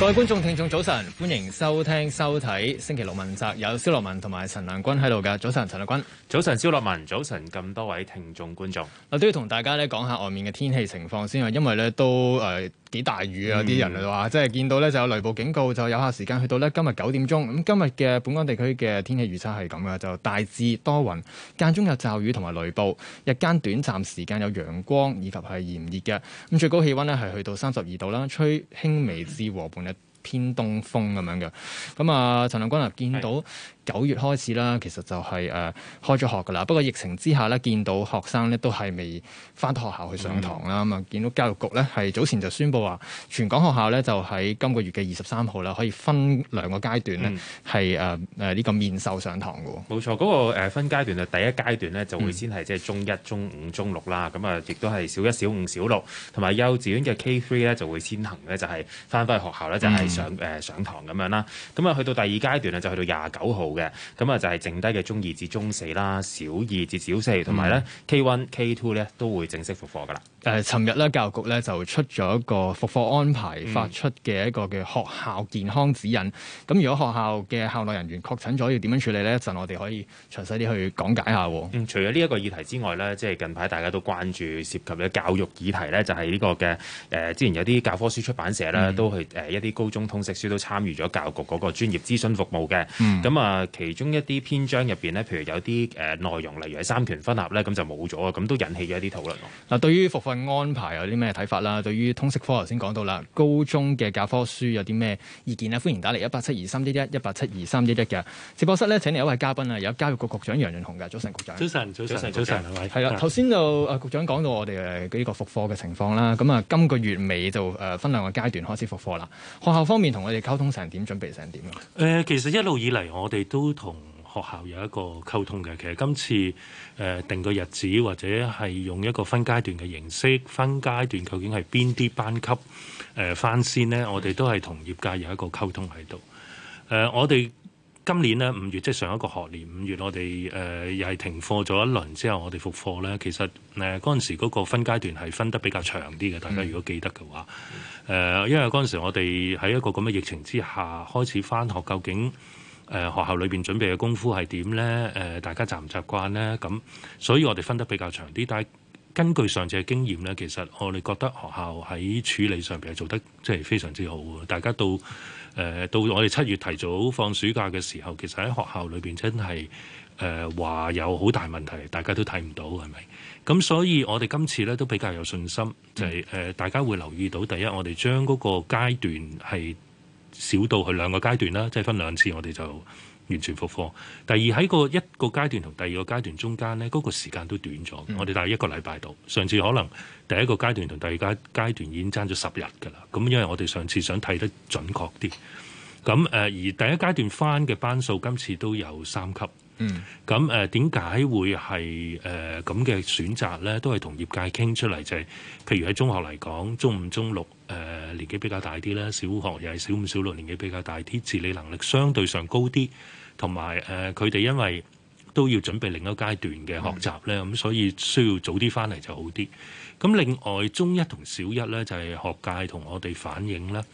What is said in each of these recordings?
各位觀眾、聽眾早晨，歡迎收聽、收睇《星期六問責》，有蕭樂文同埋陳亮君喺度噶。早晨，陳亮君，早晨，蕭樂文，早晨，咁多位聽眾、觀眾，都要同大家咧講下外面嘅天氣情況先啊。因為咧都誒幾大雨啊，啲人話即係見到咧就有雷暴警告，就有下時間去到咧今日九點鐘。咁今日嘅本港地區嘅天氣預測係咁嘅，就大致多雲，間中有驟雨同埋雷暴，日間短暫時間有陽光以及係炎熱嘅。咁最高氣溫咧係去到三十二度啦，吹輕微至和半。偏東風咁樣嘅，咁啊，陳亮君啊，見到。九月開始啦，其實就係、是、誒、呃、開咗學噶啦。不過疫情之下呢，見到學生呢都係未翻到學校去上堂啦。咁啊、嗯，見到教育局呢，係早前就宣布話，全港學校呢就喺今個月嘅二十三號啦，可以分兩個階段咧，係誒誒呢個面授上堂嘅。冇錯，嗰、那個分階段啊，第一階段呢就會先係即係中一、中五、中六啦。咁啊、嗯，亦都係小一小五、小六同埋幼稚園嘅 K three 咧，就會先行呢，就係翻返去學校呢，就係、嗯、上誒上堂咁樣啦。咁啊，去到第二階段呢，就去到廿九號。嘅，咁啊就係剩低嘅中二至中四啦，小二至小四，同埋咧 K One、K Two 咧都會正式復課噶啦。誒，尋日咧，教育局咧就出咗一個復課安排，發出嘅一個嘅學校健康指引。咁、嗯、如果學校嘅校內人員確診咗，要點樣處理呢？一陣我哋可以詳細啲去講解下。嗯，除咗呢一個議題之外呢，即係近排大家都關注涉及嘅教育議題呢，就係呢、呢個嘅誒，之前有啲教科書出版社呢，嗯、都係誒一啲高中通識書都參與咗教育局嗰個專業諮詢服務嘅。咁啊、嗯，其中一啲篇章入邊呢，譬如有啲誒內容，例如係三權分立呢，咁就冇咗啊，咁都引起咗一啲討論。嗱、嗯，對於復課安排有啲咩睇法啦？對於通識科頭先講到啦，高中嘅教科書有啲咩意見呀？歡迎打嚟一八七二三一一一八七二三一一嘅直播室咧。請嚟一位嘉賓啊，有教育局局長楊潤雄嘅，早晨局長。早晨，早晨，局長，早晨，係咪？係啦。頭先就啊局長講到我哋誒呢個復課嘅情況啦。咁啊，今個月尾就誒分兩個階段開始復課啦。學校方面同我哋溝通成點，準備成點啊？誒、呃，其實一路以嚟我哋都同。學校有一個溝通嘅，其實今次誒、呃、定個日子或者係用一個分階段嘅形式，分階段究竟係邊啲班級誒翻、呃、先呢，我哋都係同業界有一個溝通喺度。誒、呃，我哋今年呢，五月，即係上一個學年五月我，我哋誒又係停課咗一輪之後，我哋復課呢，其實誒嗰陣時嗰個分階段係分得比較長啲嘅。大家如果記得嘅話，誒、呃，因為嗰陣時我哋喺一個咁嘅疫情之下開始翻學，究竟，誒、呃、學校裏邊準備嘅功夫係點呢？誒、呃、大家習唔習慣呢？咁所以我哋分得比較長啲，但係根據上次嘅經驗呢，其實我哋覺得學校喺處理上邊係做得即係非常之好嘅。大家到誒、呃、到我哋七月提早放暑假嘅時候，其實喺學校裏邊真係誒話有好大問題，大家都睇唔到係咪？咁所以我哋今次呢都比較有信心，就係、是、誒、呃、大家會留意到，第一我哋將嗰個階段係。少到去兩個階段啦，即係分兩次，我哋就完全復課。第二喺個一個階段同第二個階段中間呢，嗰個時間都短咗。我哋大約一個禮拜度，上次可能第一個階段同第二階階段已經爭咗十日噶啦。咁因為我哋上次想睇得準確啲。咁誒而第一階段翻嘅班數今次都有三級，嗯。咁誒點解會係誒咁嘅選擇咧？都係同業界傾出嚟，就係、是、譬如喺中學嚟講，中五中六。誒、呃、年紀比較大啲啦，小學又係小五小六，年紀比較大啲，自理能力相對上高啲，同埋誒佢哋因為都要準備另一階段嘅學習咧，咁、嗯嗯、所以需要早啲翻嚟就好啲。咁另外中一同小一咧就係、是、學界同我哋反映啦，誒、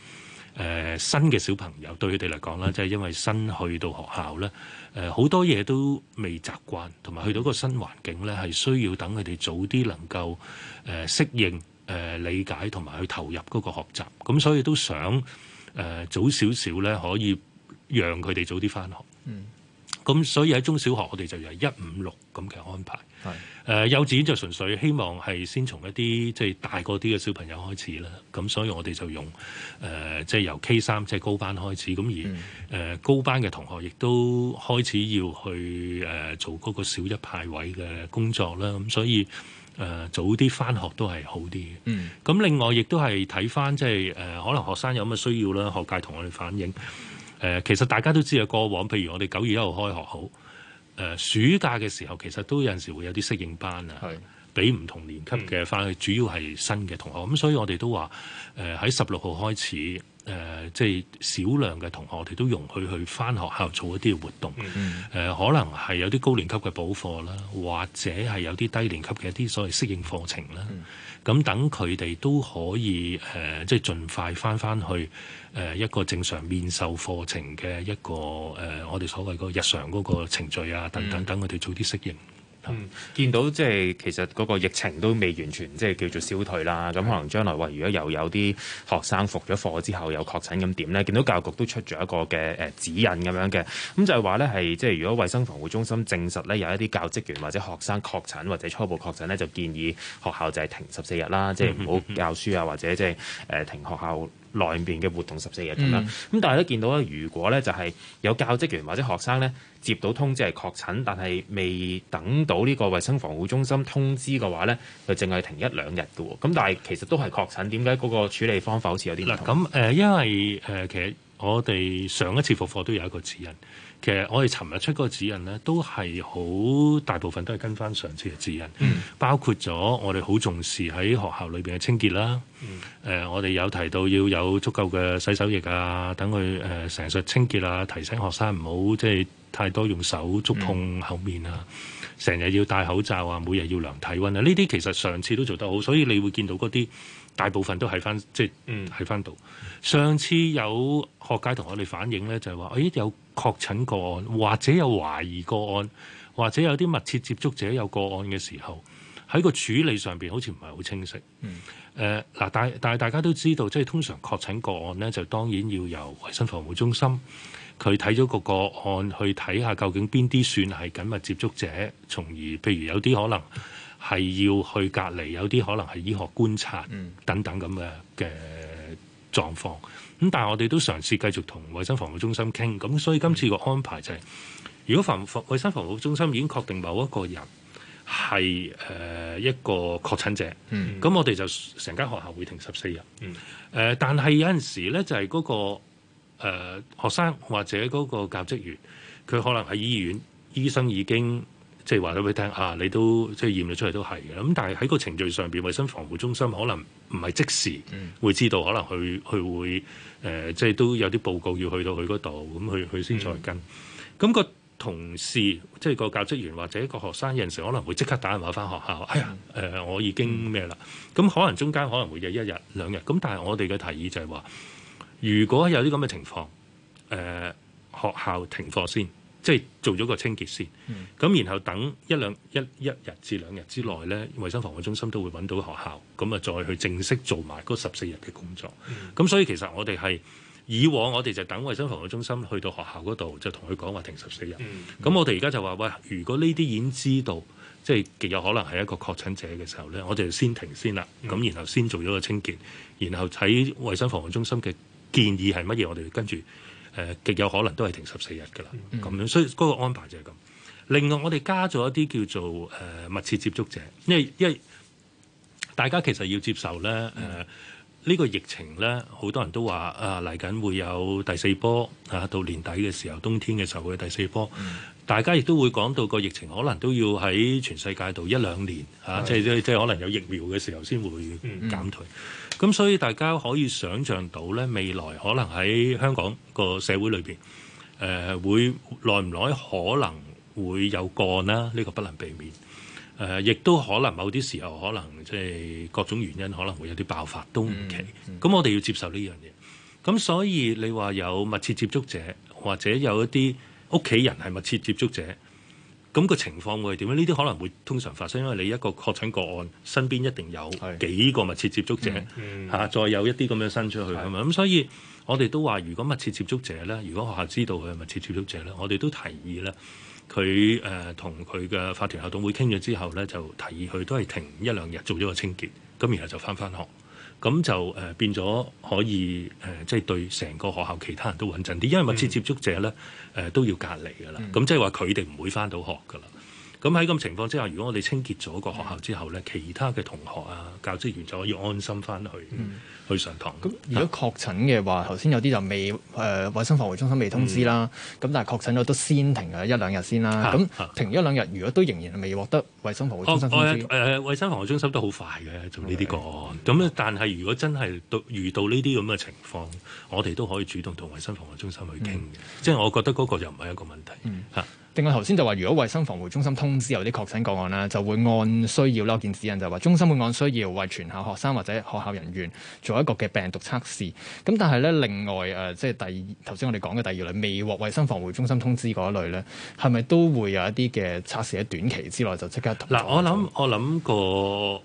呃、新嘅小朋友對佢哋嚟講啦，即、就、係、是、因為新去到學校咧，誒、呃、好多嘢都未習慣，同埋去到個新環境咧，係需要等佢哋早啲能夠誒、呃、適應。誒、呃、理解同埋去投入嗰個學習，咁所以都想誒、呃、早少少咧，可以讓佢哋早啲返學。嗯，咁所以喺中小學，我哋就由一五六咁嘅安排。係誒、嗯呃、幼稚園就純粹希望係先從一啲即係大個啲嘅小朋友開始啦。咁所以我哋就用誒即係由 K 三即係高班開始。咁而誒、嗯呃、高班嘅同學亦都開始要去誒、呃、做嗰個小一派位嘅工作啦。咁所以。誒、呃、早啲翻學都係好啲嘅。咁、嗯、另外亦都係睇翻即係誒，可能學生有咩需要啦。學界同我哋反映，誒、呃、其實大家都知啊。過往譬如我哋九月一號開學好，誒、呃、暑假嘅時候其實都有陣時會有啲適應班啊，俾唔是同年級嘅，翻去，嗯、主要係新嘅同學。咁、呃、所以我哋都話誒喺十六號開始。誒、呃，即係少量嘅同學，我哋都容許去返學校做一啲活動。誒、呃，可能係有啲高年級嘅補課啦，或者係有啲低年級嘅一啲所謂適應課程啦。咁等佢哋都可以誒、呃，即係盡快返返去誒、呃、一個正常面授課程嘅一個誒、呃，我哋所謂嗰日常嗰個程序啊，等等等，我哋早啲適應。嗯，見到即係其實嗰個疫情都未完全即係叫做消退啦。咁可能將來話，如果又有啲學生復咗課之後有確診咁點呢？見到教育局都出咗一個嘅誒指引咁樣嘅，咁就係話呢係即係如果衛生防護中心證實呢有一啲教職員或者學生確診或者初步確診呢，就建議學校就係停十四日啦，即係唔好教書啊，或者即係誒停學校。內面嘅活動十四日咁啦，咁、嗯、但係咧見到咧，如果咧就係有教職員或者學生咧接到通知係確診，但係未等到呢個衞生防護中心通知嘅話咧，就淨係停一兩日嘅喎。咁但係其實都係確診，點解嗰個處理方法好似有啲唔同？咁誒、呃，因為誒、呃、其實。我哋上一次復課，課都有一個指引，其實我哋尋日出嗰個指引呢，都係好大部分都係跟翻上次嘅指引，嗯、包括咗我哋好重視喺學校裏邊嘅清潔啦。誒、嗯呃，我哋有提到要有足夠嘅洗手液啊，等佢誒成日清潔啊，提醒學生唔好即係太多用手觸碰口面啊，成日、嗯、要戴口罩啊，每日要量體温啊，呢啲其實上次都做得好，所以你會見到嗰啲。大部分都喺翻，即係喺翻度。上次有學界同我哋反映咧，就係、是、話：，誒有確診個案，或者有懷疑個案，或者有啲密切接觸者有個案嘅時候，喺個處理上邊好似唔係好清晰。誒、嗯，嗱、呃，但係大家都知道，即係通常確診個案咧，就當然要由衞生防護中心佢睇咗個個案，去睇下究竟邊啲算係緊密接觸者，從而譬如有啲可能。係要去隔離，有啲可能係醫學觀察等等咁嘅嘅狀況。咁、嗯、但係我哋都嘗試繼續同衞生防護中心傾。咁所以今次個安排就係、是，如果衞生防護中心已經確定某一個人係誒、呃、一個確診者，咁、嗯、我哋就成間學校會停十四日。誒、嗯呃，但係有陣時呢，就係、是、嗰、那個誒、呃、學生或者嗰個教職員，佢可能喺醫院，醫生已經。即係話俾佢聽啊！你都即係驗咗出嚟都係嘅咁，但係喺個程序上邊，衞生防護中心可能唔係即時會知道，可能佢佢會誒、呃，即係都有啲報告要去到佢嗰度，咁佢佢先再跟。咁、嗯、個同事即係個教職員或者個學生有，有陣時可能會即刻打電話翻學校，哎呀誒、呃，我已經咩啦？咁、嗯、可能中間可能會有一日兩日。咁但係我哋嘅提議就係話，如果有啲咁嘅情況，誒、呃、學校停課先。即係做咗個清潔先，咁、嗯、然後等一兩一一日至兩日之內呢，衞生防護中心都會揾到學校，咁啊再去正式做埋嗰十四日嘅工作。咁、嗯、所以其實我哋係以往我哋就等衞生防護中心去到學校嗰度就同佢講話停十四日。咁、嗯、我哋而家就話喂，如果呢啲已經知道即係極有可能係一個確診者嘅時候呢，我哋就先停先啦。咁、嗯、然後先做咗個清潔，然後睇衞生防護中心嘅建議係乜嘢，我哋就跟住。誒極有可能都係停十四日㗎啦，咁、嗯、樣，所以嗰個安排就係咁。另外，我哋加咗一啲叫做誒、呃、密切接觸者，因為因為大家其實要接受咧，誒、呃、呢、呢個疫情咧，好多人都話啊嚟緊會有第四波啊，到年底嘅時候，冬天嘅時候會有第四波。嗯、大家亦都會講到個疫情可能都要喺全世界度一兩年嚇，即係即即係可能有疫苗嘅時候先會減退。嗯嗯咁所以大家可以想象到咧，未來可能喺香港個社會裏邊，誒會耐唔耐可能會有個案啦，呢個不能避免。誒，亦都可能某啲時候，可能即係各種原因，可能會有啲爆發都唔奇。咁我哋要接受呢樣嘢。咁所以你話有密切接觸者，或者有一啲屋企人係密切接觸者。咁個情況會係點樣？呢啲可能會通常發生，因為你一個確診個案身邊一定有幾個密切接觸者，嚇是、啊，再有一啲咁樣伸出去啊，咁是、嗯、所以我哋都話，如果密切接觸者呢，如果學校知道佢係密切接觸者呢，我哋都提議呢，佢誒同佢嘅法團校董會傾咗之後呢，就提議佢都係停一兩日做咗個清潔，咁然後就返返學。咁就誒變咗可以誒即係對成個學校其他人都穩陣啲，因為密切接觸者咧，誒、呃、都要隔離㗎啦。咁即係話佢哋唔會返到學㗎啦。咁喺咁情況之下，嗯嗯、如果我哋清潔咗個學校之後呢，其他嘅同學啊、教職員就可以安心翻去去上堂。咁、嗯嗯、如果確診嘅話，頭先有啲就未誒衞、呃、生防護中心未通知啦。咁、嗯、但係確診咗都先停啊一兩日先啦。咁、啊啊、停一兩日，如果都仍然未獲得衞生防護中心、啊呃呃、生防護中心都好快嘅，做呢啲個案。咁對、嗯、但係如果真係到遇到呢啲咁嘅情況，我哋都可以主動同衞生防護中心去傾嘅。嗯嗯、即係我覺得嗰個又唔係一個問題嚇。嗯嗯定我頭先就話，如果衛生防護中心通知有啲確診個案啦，就會按需要，我見指引就話中心會按需要為全校學生或者學校人員做一個嘅病毒測試。咁但係咧，另外誒、呃，即係第二頭先我哋講嘅第二類未獲衛生防護中心通知嗰一類咧，係咪都會有一啲嘅測試喺短期之內就即刻？嗱、呃，我諗我諗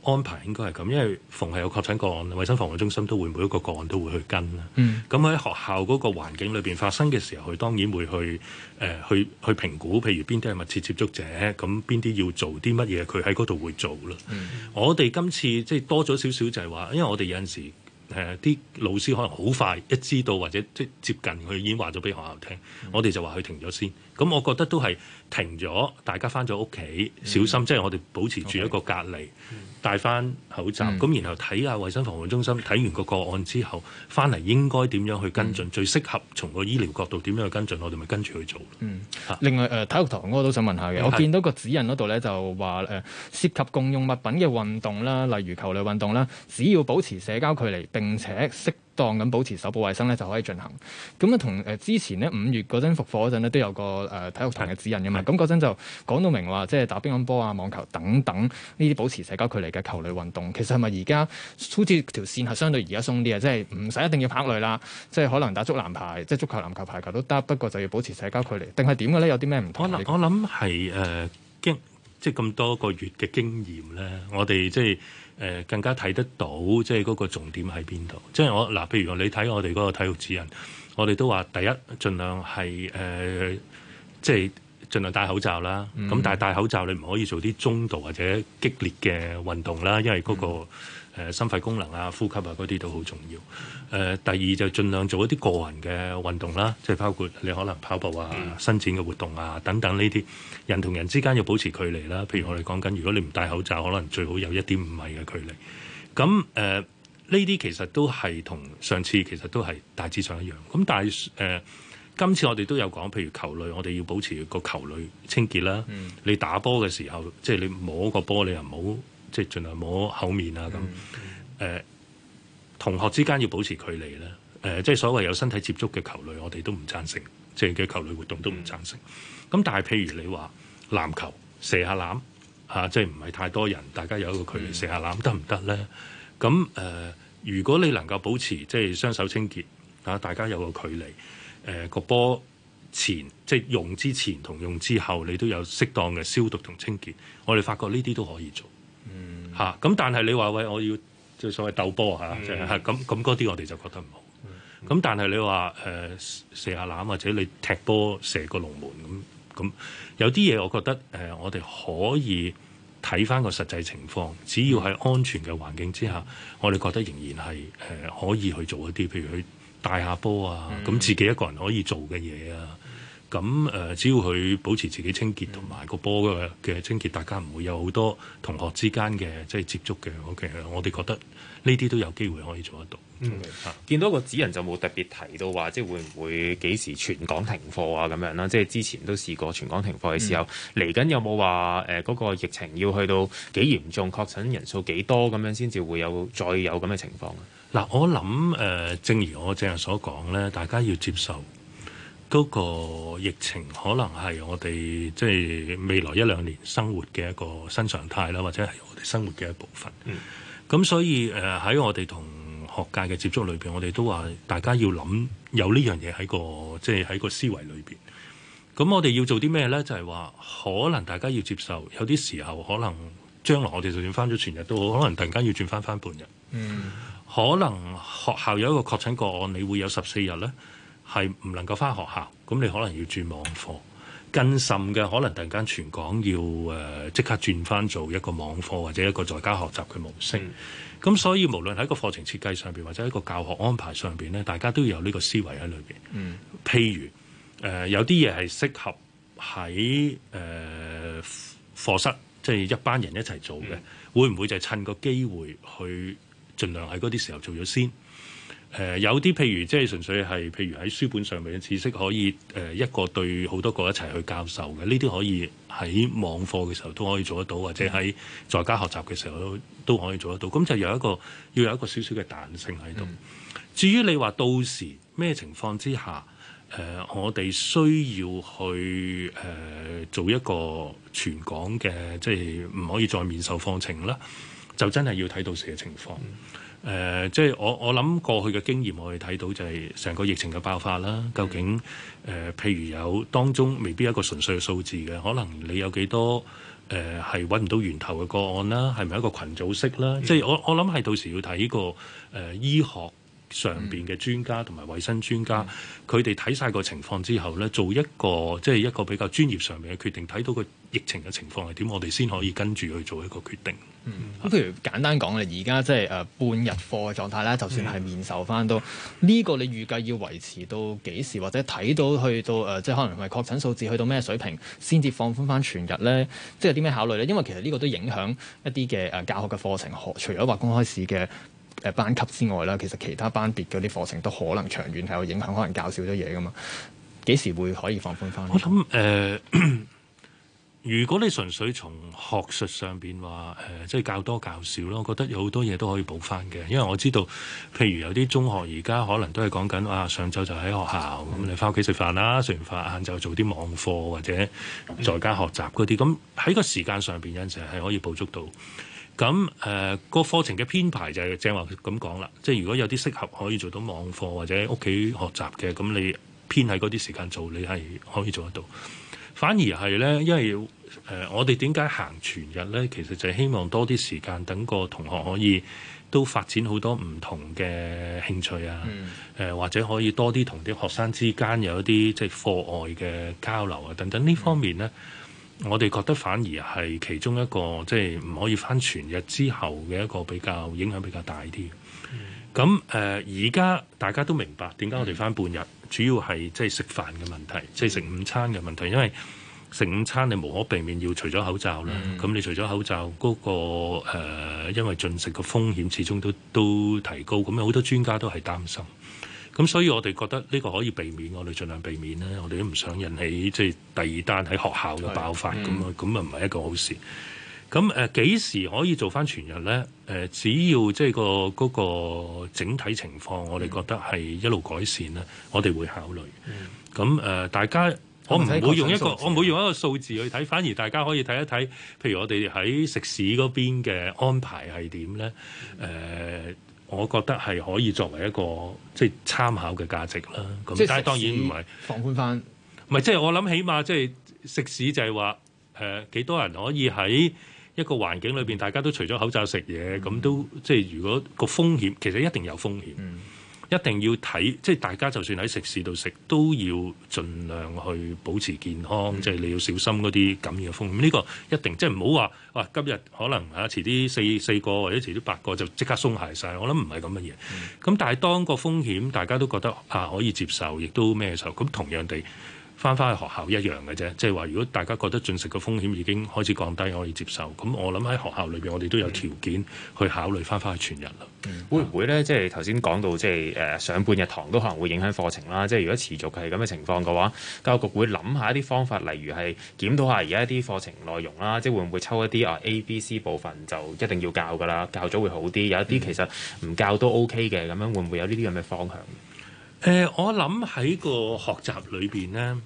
個安排應該係咁，因為逢係有確診個案，衛生防護中心都會每一個個,個案都會去跟啦。咁喺、嗯、學校嗰個環境裏邊發生嘅時候，佢當然會去誒、呃、去去評估。譬如邊啲係密切接觸者，咁邊啲要做啲乜嘢？佢喺嗰度會做啦。嗯、我哋今次即係多咗少少就係話，因為我哋有陣時誒啲、呃、老師可能好快一知道或者即係接近，佢已經話咗俾學校聽，嗯、我哋就話佢停咗先。咁我覺得都係停咗，大家翻咗屋企，小心，mm hmm. 即係我哋保持住一個隔離，Okay. 戴翻口罩。咁、mm hmm. 然後睇下衞生防護中心睇完個個案之後，翻嚟應該點樣去跟進，mm hmm. 最適合從個醫療角度點樣去跟進，我哋咪跟住去做。嗯、mm，hmm. 啊、另外誒、呃、體育堂我都想問下嘅，的我見到個指引嗰度咧就話誒、呃、涉及共用物品嘅運動啦，例如球類運動啦，只要保持社交距離並且適。當咁保持手部衛生咧，就可以進行。咁啊，同誒之前呢，五月嗰陣復課嗰陣咧，都有個誒體育堂嘅指引嘅嘛。咁嗰陣就講到明話，即係打乒乓波啊、網球等等呢啲保持社交距離嘅球類運動，其實係咪而家好似條線係相對而家鬆啲啊？即係唔使一定要拍類啦，即係可能打足籃排，即係足球、籃球、排球都得，不過就要保持社交距離。定係點嘅咧？有啲咩唔同？我諗係誒經即係咁多個月嘅經驗咧，我哋即係。誒更加睇得到，即係嗰個重點喺邊度？即係我嗱，譬如話你睇我哋嗰個體育指引，我哋都話第一，儘量係誒，即係儘量戴口罩啦。咁但係戴口罩，你唔可以做啲中度或者激烈嘅運動啦，因為嗰個。嗯誒、呃、心肺功能啊、呼吸啊嗰啲都好重要。誒、呃、第二就盡量做一啲個人嘅運動啦、啊，即係包括你可能跑步啊、伸展嘅活動啊等等呢啲。人同人之間要保持距離啦、啊。譬如我哋講緊，如果你唔戴口罩，可能最好有一點五米嘅距離。咁誒呢啲其實都係同上次其實都係大致上一樣。咁但係誒、呃、今次我哋都有講，譬如球類，我哋要保持個球類清潔啦、啊。你打波嘅時候，即係你摸個波，你又唔好。即係盡量摸後面啊！咁誒、mm hmm. 呃，同學之間要保持距離啦。誒、呃，即係所謂有身體接觸嘅球類，我哋都唔贊成。即係嘅球類活動都唔贊成。咁、mm hmm. 但係，譬如你話籃球射下籃嚇、啊，即係唔係太多人，大家有一個距離射下籃得唔得咧？咁誒、mm hmm. 啊，如果你能夠保持即係雙手清潔嚇、啊，大家有個距離誒個波前即係用之前同用之後，你都有適當嘅消毒同清潔，我哋發覺呢啲都可以做。嚇咁、啊，但係你話喂，我要就所謂鬥波嚇，咁咁嗰啲我哋就覺得唔好。咁、mm hmm. 但係你話誒、呃、射下籃或者你踢波射個龍門咁咁，有啲嘢我覺得誒、呃，我哋可以睇翻個實際情況，只要係安全嘅環境之下，我哋覺得仍然係誒、呃、可以去做一啲，譬如去帶下波啊，咁、啊、自己一個人可以做嘅嘢啊。Mm hmm. 啊咁誒，只要佢保持自己清潔同埋個波嘅嘅清潔，大家唔會有好多同學之間嘅即係接觸嘅。OK，我哋覺得呢啲都有機會可以做得到。嗯，見到個指引就冇特別提到話，即係會唔會幾時全港停課啊？咁樣啦，即係之前都試過全港停課嘅時候，嚟緊、嗯、有冇話誒嗰個疫情要去到幾嚴重、確診人數幾多咁樣先至會有再有咁嘅情況？嗱、嗯，我諗誒、呃，正如我正係所講咧，大家要接受。嗰個疫情可能係我哋即係未來一兩年生活嘅一個新常態啦，或者係我哋生活嘅一部分。咁、嗯、所以誒喺、呃、我哋同學界嘅接觸裏邊，我哋都話大家要諗有呢樣嘢喺個即係喺個思維裏邊。咁我哋要做啲咩呢？就係、是、話可能大家要接受有啲時候可能將來我哋就算翻咗全日都好，可能突然間要轉翻翻半日。嗯、可能學校有一個確診個案，你會有十四日呢。係唔能夠翻學校，咁你可能要轉網課。更甚嘅，可能突然間全港要誒即、呃、刻轉翻做一個網課或者一個在家學習嘅模式。咁、嗯、所以無論喺一個課程設計上邊或者一個教學安排上邊咧，大家都要有呢個思維喺裏邊。譬、嗯、如誒、呃，有啲嘢係適合喺誒、呃、課室，即、就、係、是、一班人一齊做嘅，嗯、會唔會就係趁個機會去盡量喺嗰啲時候做咗先？誒、呃、有啲譬如即係純粹係，譬如喺書本上面嘅知識可以誒、呃、一個對好多個一齊去教授嘅，呢啲可以喺網課嘅時候都可以做得到，或者喺在，在家學習嘅時候都都可以做得到。咁就有一個要有一個少少嘅彈性喺度。嗯、至於你話到時咩情況之下，誒、呃、我哋需要去誒、呃、做一個全港嘅即係唔可以再面授課程啦，就真係要睇到時嘅情況。嗯誒、呃，即係我我諗過去嘅經驗，我哋睇到就係成個疫情嘅爆發啦。究竟誒、呃，譬如有當中未必一個純粹嘅數字嘅，可能你有幾多誒係揾唔到源頭嘅個案啦，係咪一個群組式啦？Yeah. 即係我我諗係到時要睇呢個誒、呃、醫學上邊嘅專家同埋衛生專家，佢哋睇晒個情況之後咧，做一個即係、就是、一個比較專業上面嘅決定，睇到個疫情嘅情況係點，我哋先可以跟住去做一個決定。嗯，咁譬如簡單講，咧、就是，而家即係誒半日課嘅狀態啦，就算係面授翻都呢個，你預計要維持到幾時，或者睇到去到誒、呃、即係可能係確診數字去到咩水平先至放寬翻全日咧？即係有啲咩考慮咧？因為其實呢個都影響一啲嘅誒教學嘅課程。學，除咗話公開試嘅。班級之外啦，其實其他班別嗰啲課程都可能長遠係有影響，可能教少咗嘢噶嘛？幾時會可以放寬翻？我諗、呃、如果你純粹從學術上邊話、呃、即係教多教少咯，我覺得有好多嘢都可以補翻嘅。因為我知道，譬如有啲中學而家可能都係講緊啊，上晝就喺學校咁，嗯、你翻屋企食飯啦，食完飯晏晝做啲網課或者在家學習嗰啲咁，喺個時間上邊，有陣時係可以捕捉到。咁誒個課程嘅編排就係正話咁講啦，即係如果有啲適合可以做到網課或者屋企學習嘅，咁你編喺嗰啲時間做，你係可以做得到。反而係咧，因為誒、呃、我哋點解行全日咧，其實就係希望多啲時間等個同學可以都發展好多唔同嘅興趣啊，誒、嗯呃、或者可以多啲同啲學生之間有一啲即係課外嘅交流啊等等呢方面咧。嗯我哋覺得反而係其中一個，即係唔可以返全日之後嘅一個比較影響比較大啲。咁誒、嗯，而家、呃、大家都明白點解我哋返半日，主要係即係食飯嘅問題，即係食午餐嘅問題，因為食午餐你無可避免要除咗口罩啦。咁、嗯、你除咗口罩嗰、嗰個、呃、因為進食嘅風險始終都都提高，咁有好多專家都係擔心。咁、嗯、所以我哋覺得呢個可以避免，我哋盡量避免啦。我哋都唔想引起即係第二單喺學校嘅爆發，咁啊，咁啊唔係一個好事。咁誒幾時可以做翻全日咧？誒、呃、只要即係、嗰個，嗰個整體情況，嗯、我哋覺得係一路改善咧，我哋會考慮。咁誒大家我唔會用一個，我唔會用一個數字去睇，反而大家可以睇一睇，譬如我哋喺食肆嗰邊嘅安排係點咧？誒、呃。我覺得係可以作為一個即係參考嘅價值啦。咁，但係當然唔係放寬翻。唔係，即係我諗，起碼即係食肆就係話誒，幾多人可以喺一個環境裏邊，大家都除咗口罩食嘢，咁、嗯、都即係如果個風險，其實一定有風險。嗯嗯一定要睇，即係大家就算喺食肆度食，都要盡量去保持健康，即係、嗯、你要小心嗰啲感染風險呢、呢個一定即係唔好話，話、啊、今日可能啊遲啲四四個或者遲啲八個就即刻鬆懈晒，我諗唔係咁嘅嘢。咁、嗯、但係當個風險大家都覺得啊可以接受，亦都咩時候咁同樣地。翻翻去學校一樣嘅啫，即係話如果大家覺得進食嘅風險已經開始降低，可以接受，咁我諗喺學校裏邊，我哋都有條件去考慮翻翻去全日啦。嗯嗯、會唔會呢？即係頭先講到即係誒上半日堂都可能會影響課程啦。即係如果持續係咁嘅情況嘅話，教育局會諗下一啲方法，例如係檢討下而家一啲課程內容啦，即係會唔會抽一啲啊 A、B、C 部分就一定要教噶啦，教咗會好啲。有一啲其實唔教都 OK 嘅，咁樣會唔會有呢啲咁嘅方向？誒、嗯嗯呃，我諗喺個學習裏邊呢。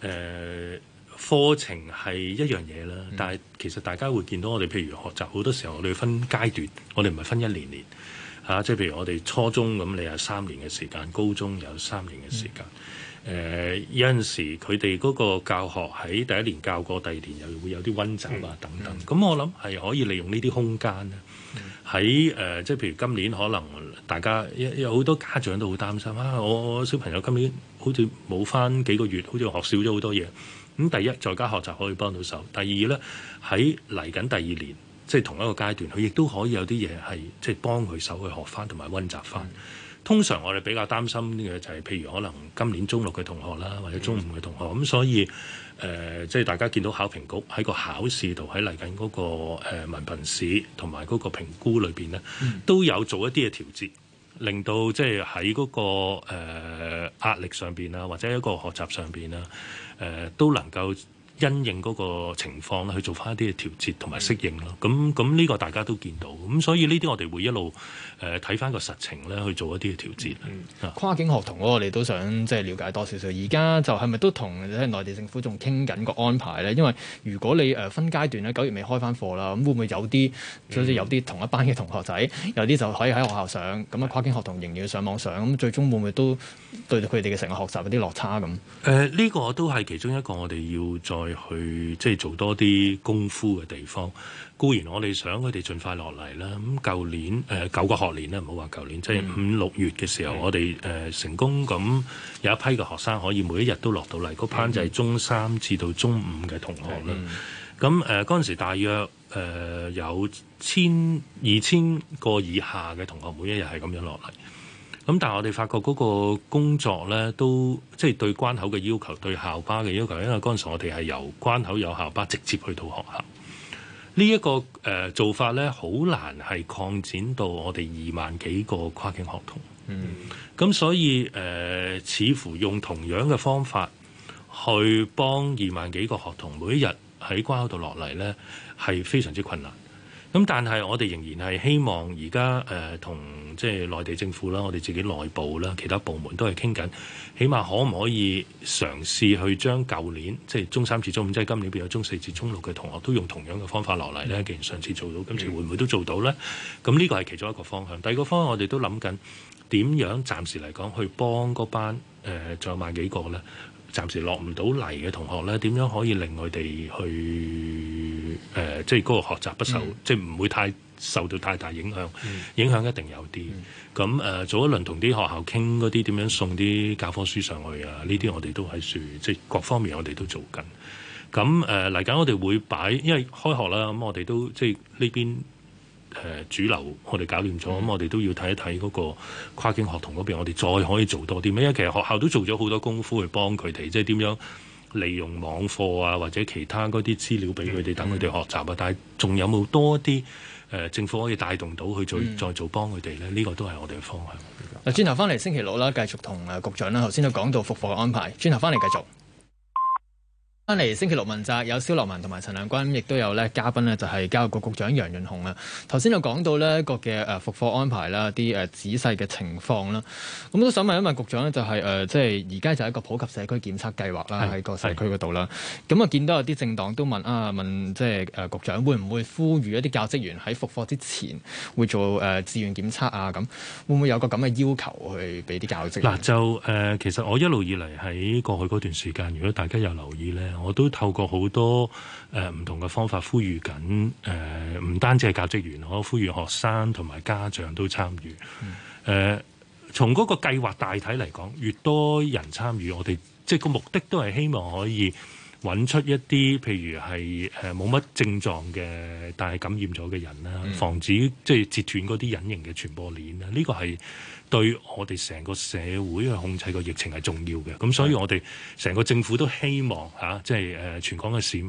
誒課程係一樣嘢啦，但係其實大家會見到我哋，譬如學習好多時候，我哋分階段，我哋唔係分一年年。嚇、啊！即係譬如我哋初中咁，你有三年嘅時間；高中有三年嘅時間。誒、嗯呃、有陣時佢哋嗰個教學喺第一年教過，第二年又會有啲温習啊等等。咁、嗯嗯、我諗係可以利用呢啲空間喺誒、嗯呃、即係譬如今年可能大家有好多家長都好擔心啊！我小朋友今年好似冇返幾個月，好似學少咗好多嘢。咁、嗯、第一在家學習可以幫到手，第二呢，喺嚟緊第二年。即係同一個階段，佢亦都可以有啲嘢係即係幫佢手去學翻同埋温習翻。通常我哋比較擔心嘅就係、是，譬如可能今年中六嘅同學啦，或者中五嘅同學咁、嗯嗯，所以誒、呃，即係大家見到考評局喺個考試度喺嚟緊嗰個文憑試同埋嗰個評估裏邊咧，嗯、都有做一啲嘅調節，令到即係喺嗰個誒壓、呃、力上邊啦，或者一個學習上邊啦，誒、呃、都能夠。因應嗰個情況咧，去做翻一啲嘅調節同埋適應咯。咁咁呢個大家都見到。咁所以呢啲我哋會一路誒睇翻個實情咧，去做一啲嘅調節、嗯嗯。跨境學童我哋都想即係了解多少少。而家就係咪都同即係內地政府仲傾緊個安排咧？因為如果你誒分階段咧，九月未開翻課啦，咁會唔會有啲，所以、嗯、有啲同一班嘅同學仔，有啲就可以喺學校上，咁啊跨境學童仍然要上網上，咁最終會唔會都？對佢哋嘅成個學習有啲落差咁。誒、呃，呢、這個都係其中一個我哋要再去即係、就是、做多啲功夫嘅地方。固然我哋想佢哋盡快落嚟啦。咁舊年誒、呃、九個學年咧，唔好話舊年，即係五六月嘅時候，嗯、我哋誒、呃、成功咁有一批嘅學生可以每一日都落到嚟。嗰班就係中三至到中五嘅同學啦。咁誒嗰陣時大約誒、呃、有千二千個以下嘅同學，每一日係咁樣落嚟。咁但係我哋發覺嗰個工作咧，都即係對關口嘅要求，對校巴嘅要求，因為嗰陣時我哋係由關口有校巴直接去到學校。呢、這、一個誒、呃、做法咧，好難係擴展到我哋二萬幾個跨境學童。嗯，咁、嗯、所以誒、呃、似乎用同樣嘅方法去幫二萬幾個學童，每一日喺關口度落嚟咧，係非常之困難。咁但係我哋仍然係希望而家誒同即係內地政府啦，我哋自己內部啦，其他部門都係傾緊，起碼可唔可以嘗試去將舊年即係、就是、中三至中五，即係今年變咗中四至中六嘅同學都用同樣嘅方法落嚟咧？既然上次做到，今次會唔會都做到咧？咁呢個係其中一個方向。第二個方向我，我哋都諗緊點樣暫時嚟講去幫嗰班誒，仲、呃、有萬幾個咧。暫時落唔到嚟嘅同學咧，點樣可以令佢哋去誒、呃，即係嗰個學習不受，嗯、即係唔會太受到太大影響。嗯、影響一定有啲。咁誒早一輪同啲學校傾嗰啲點樣送啲教科書上去啊，呢啲我哋都喺處，即係各方面我哋都做緊。咁誒嚟緊我哋會擺，因為開學啦，咁我哋都即係呢邊。誒主流我，嗯、我哋搞掂咗，咁我哋都要睇一睇嗰個跨境學童嗰邊，我哋再可以做多啲咩？因為其實學校都做咗好多功夫去幫佢哋，即係點樣利用網課啊，或者其他嗰啲資料俾佢哋等佢哋學習啊。嗯、但係仲有冇多啲誒、呃、政府可以帶動到去做，嗯、再做幫佢哋咧？呢、這個都係我哋嘅方向。嗱、嗯，轉頭翻嚟星期六啦，繼續同誒局長啦，頭先都講到復課嘅安排，轉頭翻嚟繼續。翻嚟星期六問責，有蕭羅文同埋陳亮軍，亦都有咧嘉賓呢就係、是、教育局局長楊潤雄啊。頭先就講到咧個嘅誒復課安排啦，啲誒仔細嘅情況啦。咁都想問一問局長呢就係誒即係而家就一個普及社區檢測計劃啦，喺個社區嗰度啦。咁啊見到有啲政黨都問啊，問即係誒局長會唔會呼籲一啲教職員喺復課之前會做誒自、呃、願檢測啊？咁會唔會有個咁嘅要求去俾啲教職員？嗱，就誒、呃、其實我一路以嚟喺過去嗰段時間，如果大家有留意咧，我都透過好多誒唔同嘅方法呼籲緊誒，唔單止係教職員，我呼籲學生同埋家長都參與。誒、嗯呃，從嗰個計劃大體嚟講，越多人參與，我哋即係個目的都係希望可以揾出一啲譬如係誒冇乜症狀嘅，但係感染咗嘅人啦，嗯、防止即係截斷嗰啲隱形嘅傳播鏈啦。呢個係，對我哋成個社會去控制個疫情係重要嘅，咁所以我哋成個政府都希望嚇、啊，即係誒、呃、全港嘅市民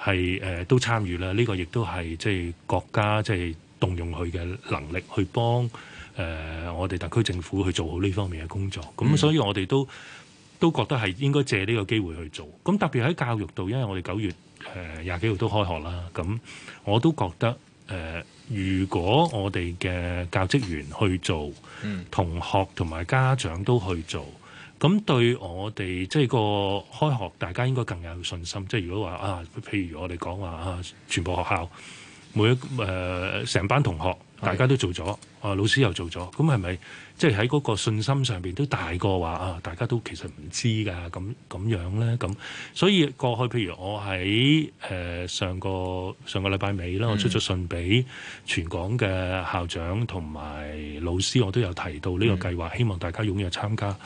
係誒、呃、都參與啦。呢、這個亦都係即係國家即係動用佢嘅能力去幫誒、呃、我哋特區政府去做好呢方面嘅工作。咁所以我哋都都覺得係應該借呢個機會去做。咁特別喺教育度，因為我哋九月誒廿、呃、幾號都開學啦，咁我都覺得誒。呃如果我哋嘅教職員去做，同學同埋家長都去做，咁對我哋即係個開學，大家應該更有信心。即係如果話啊，譬如我哋講話啊，全部學校每一誒成班同學。大家都做咗，啊老師又做咗，咁係咪即係喺嗰個信心上邊都大過話啊？大家都其實唔知㗎，咁咁樣呢，咁所以過去譬如我喺誒、呃、上個上個禮拜尾啦，我出咗信俾全港嘅校長同埋老師，我都有提到呢個計劃，希望大家踴躍參加。誒、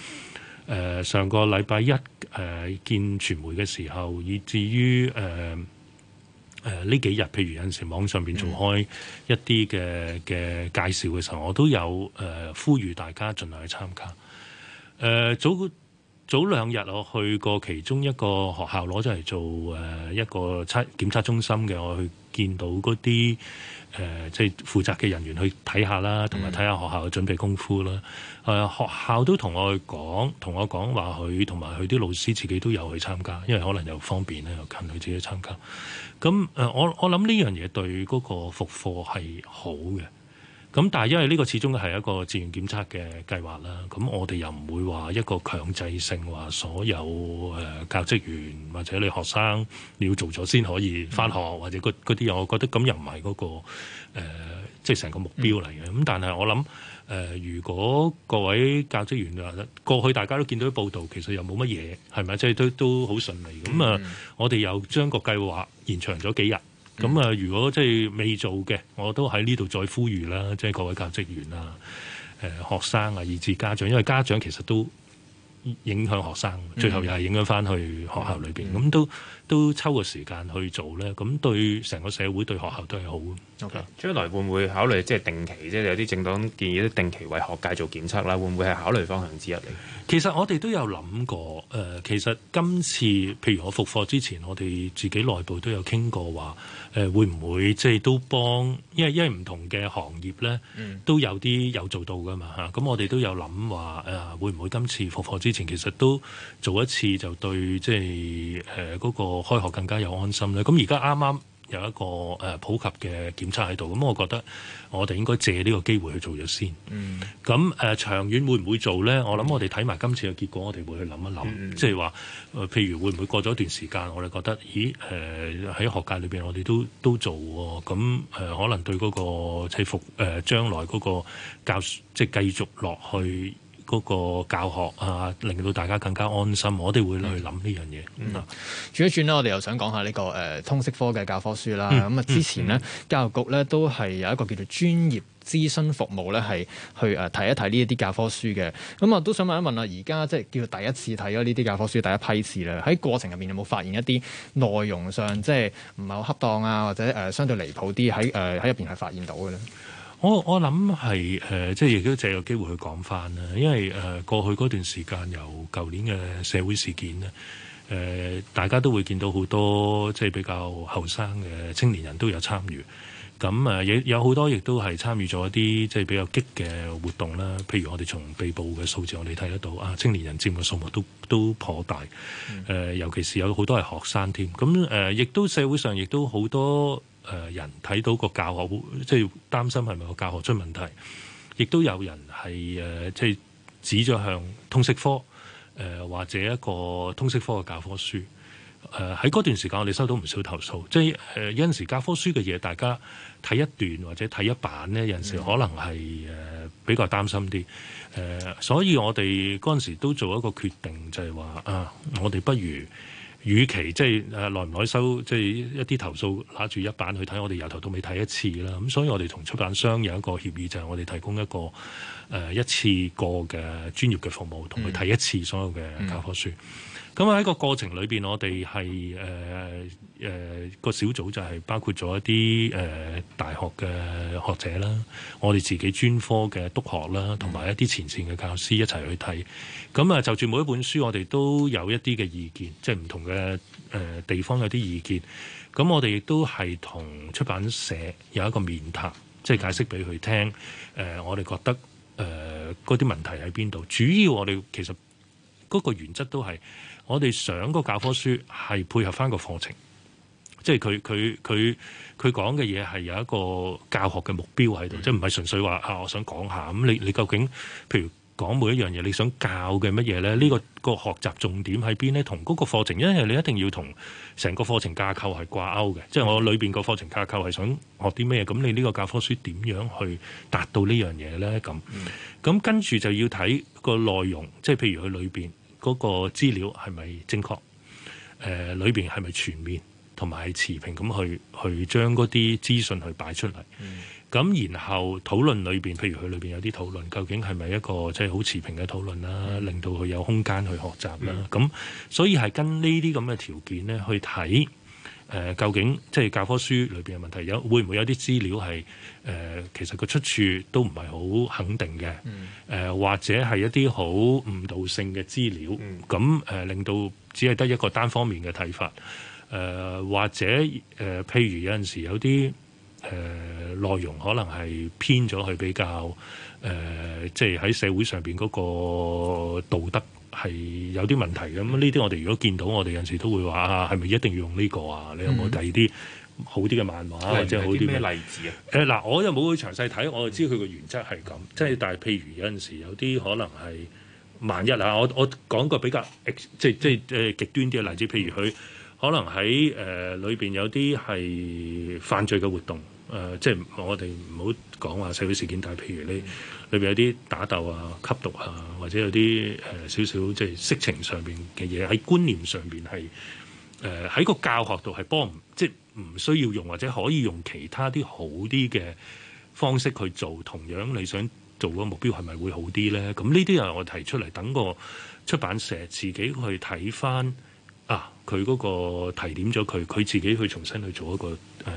呃、上個禮拜一誒、呃、見傳媒嘅時候，以至於誒、呃呃呢幾日，譬如有時網上邊做開一啲嘅嘅介紹嘅時候，我都有誒、呃、呼籲大家盡量去參加。誒、呃、早早兩日，我去過其中一個學校攞咗嚟做誒、呃、一個測檢測中心嘅，我去見到嗰啲。誒、呃，即係負責嘅人員去睇下啦，同埋睇下學校嘅準備功夫啦。誒、呃，學校都同我去講，同我講話佢同埋佢啲老師自己都有去參加，因為可能又方便咧，又近佢自己參加。咁誒、呃，我我諗呢樣嘢對嗰個復課係好嘅。咁但係因為呢個始終係一個自願檢測嘅計劃啦，咁我哋又唔會話一個強制性話所有誒教職員或者你學生你要做咗先可以翻學，嗯、或者嗰嗰啲嘢，我覺得咁又唔係嗰個誒即係成個目標嚟嘅。咁但係我諗誒、呃、如果各位教職員話過去大家都見到啲報道，其實又冇乜嘢係咪？即係、就是、都都好順利。咁啊、嗯，嗯、我哋又將個計劃延長咗幾日。咁啊，嗯、如果即係未做嘅，我都喺呢度再呼籲啦，即係各位教職員啊、誒、呃、學生啊，以致家長，因為家長其實都影響學生，嗯嗯，最後又係影響翻去學校裏邊，咁、嗯嗯、都。都抽個時間去做咧，咁對成個社會、對學校都係好嘅。OK，將來會唔會考慮即係定期，即係有啲政黨建議咧定期為學界做檢測啦？會唔會係考慮方向之一嚟？其實我哋都有諗過誒、呃，其實今次譬如我復課之前，我哋自己內部都有傾過話誒、呃、會唔會即係都幫，因為因為唔同嘅行業咧，都有啲有做到噶嘛吓，咁、啊嗯、我哋都有諗話誒會唔會今次復課之前，其實都做一次就對，即係誒嗰個。開學更加有安心咧，咁而家啱啱有一個誒普及嘅檢測喺度，咁我覺得我哋應該借呢個機會去做咗先。嗯。咁誒、呃、長遠會唔會做咧？我諗我哋睇埋今次嘅結果，我哋會去諗一諗。嗯嗯。即係話誒，譬如會唔會過咗一段時間，我哋覺得，咦誒喺、呃、學界裏邊，我哋都都做喎、哦。咁誒、呃，可能對嗰、嗰個即係服誒將來嗰個教即係繼續落去。嗰個教學啊，令到大家更加安心，我哋會去諗呢樣嘢。轉、嗯、一轉咧，我哋又想講下呢個誒、呃、通識科嘅教科書啦。咁啊、嗯，之前呢，教育局咧都係有一個叫做專業諮詢服務咧，係去誒睇、呃、一睇呢一啲教科書嘅。咁、嗯、我、嗯嗯、都想問一問啦，而家即係叫第一次睇咗呢啲教科書第一批次啦，喺過程入邊有冇發現一啲內容上即係唔係好恰當啊，或者誒相對離譜啲喺誒喺入邊係發現到嘅咧？我我諗係誒，即係亦都借個機會去講翻啦，因為誒、呃、過去嗰段時間由舊年嘅社會事件咧，誒、呃、大家都會見到好多即係比較後生嘅青年人都有參與，咁誒有有好多亦都係參與咗一啲即係比較激嘅活動啦。譬如我哋從被捕嘅數字，我哋睇得到啊，青年人佔嘅數目都都頗大，誒、呃、尤其是有好多係學生添。咁誒亦都社會上亦都好多。誒人睇到個教學，即係擔心係咪個教學出問題，亦都有人係誒、呃、即係指咗向通識科誒、呃、或者一個通識科嘅教科書誒，喺嗰段時間我哋收到唔少投訴，即係誒、呃、有陣時教科書嘅嘢大家睇一段或者睇一版呢，有陣時可能係誒、呃、比較擔心啲誒、呃，所以我哋嗰陣時都做一個決定，就係、係、話啊，我哋不如。與其即係誒、呃、耐唔耐收，即係一啲投訴拿住一版去睇，我哋由頭到尾睇一次啦。咁所以我哋同出版商有一個協議，就係、是、我哋提供一個誒、呃、一次過嘅專業嘅服務，同佢睇一次所有嘅教科書。嗯嗯咁喺個過程裏邊，我哋係誒誒個小組就係包括咗一啲誒大學嘅學者啦，我哋自己專科嘅督學啦，同埋一啲前線嘅教師一齊去睇。咁啊，就住每一本書，我哋都有一啲嘅意見，即係唔同嘅誒地方有啲意見。咁我哋亦都係同出版社有一個面談，即係解釋俾佢聽。誒，我哋覺得誒嗰啲問題喺邊度？主要我哋其實嗰個原則都係。我哋上個教科書係配合翻個課程，即係佢佢佢佢講嘅嘢係有一個教學嘅目標喺度，嗯、即係唔係純粹話啊，我想講下咁，你你究竟譬如講每一樣嘢，你想教嘅乜嘢咧？呢個個學習重點喺邊咧？同嗰個課程，因為你一定要同成個課程架構係掛鈎嘅，嗯、即係我裏邊個課程架構係想學啲咩？咁你呢個教科書點樣去達到呢樣嘢咧？咁咁跟住就要睇個內容，即係譬如佢裏邊。嗰個資料係咪正確？誒、呃、裏邊係咪全面同埋持平咁去去將嗰啲資訊去擺出嚟？咁、嗯、然後討論裏邊，譬如佢裏邊有啲討、就是、討論，究竟係咪一個即係好持平嘅討論啦？令到佢有空間去學習啦？咁、嗯、所以係跟呢啲咁嘅條件呢去睇。誒，究竟即係教科書裏邊嘅問題，有會唔會有啲資料係誒、呃、其實個出處都唔係好肯定嘅，誒、呃、或者係一啲好誤導性嘅資料，咁誒、呃、令到只係得一個單方面嘅睇法，誒、呃、或者誒、呃、譬如有陣時有啲誒內容可能係偏咗去比較誒、呃、即係喺社會上邊嗰個道德。係有啲問題嘅，咁呢啲我哋如果見到，我哋有陣時都會話嚇，係咪一定要用呢、這個啊？你有冇第二啲好啲嘅漫畫、嗯、或者好啲咩例子啊？誒嗱、呃，我又冇去詳細睇，我就知佢個原則係咁，即係、嗯、但係譬如有陣時有啲可能係萬一啊，我我講個比較即即誒極端啲嘅例子，譬如佢可能喺誒裏邊有啲係犯罪嘅活動，誒、呃、即係我哋唔好講話社會事件，但係譬如你，嗯裏邊有啲打鬥啊、吸毒啊，或者有啲誒少少即係色情上邊嘅嘢，喺觀念上邊係誒喺個教學度係幫唔，即係唔需要用或者可以用其他啲好啲嘅方式去做同樣你想做個目標，係咪會好啲咧？咁呢啲又我提出嚟，等個出版社自己去睇翻啊，佢嗰個提點咗佢，佢自己去重新去做一個誒、呃、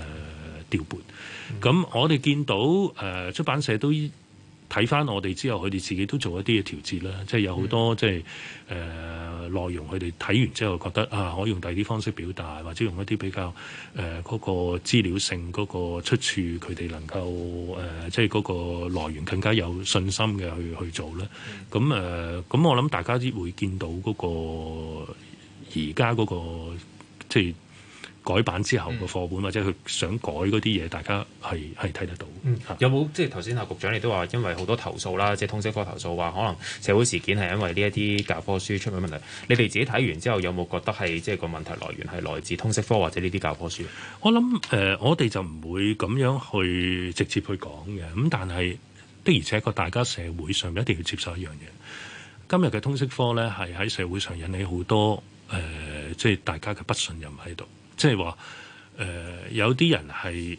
調撥。咁我哋見到誒、呃、出版社都。睇翻我哋之後，佢哋自己都做一啲嘅調節啦，即係有好多即係誒、呃、內容，佢哋睇完之後覺得啊，可以用第二啲方式表達，或者用一啲比較誒嗰、呃嗰個資料性嗰、嗰個出處，佢哋能夠誒、呃、即係嗰個來源更加有信心嘅去去做咧。咁誒，咁、呃、我諗大家都會見到嗰個而家嗰個即係。改版之後嘅課本或者佢想改嗰啲嘢，大家係係睇得到。嗯，有冇即係頭先阿局長亦都話，因為好多投訴啦，即係通識科投訴話，可能社會事件係因為呢一啲教科書出咗問題。你哋自己睇完之後，有冇覺得係即係個問題來源係來自通識科或者呢啲教科書？我諗誒、呃，我哋就唔會咁樣去直接去講嘅。咁但係的而且確，大家社會上面一定要接受一樣嘢，今日嘅通識科呢，係喺社會上引起好多誒，即、呃、係、就係、大家嘅不信任喺度。即係話誒，有啲人係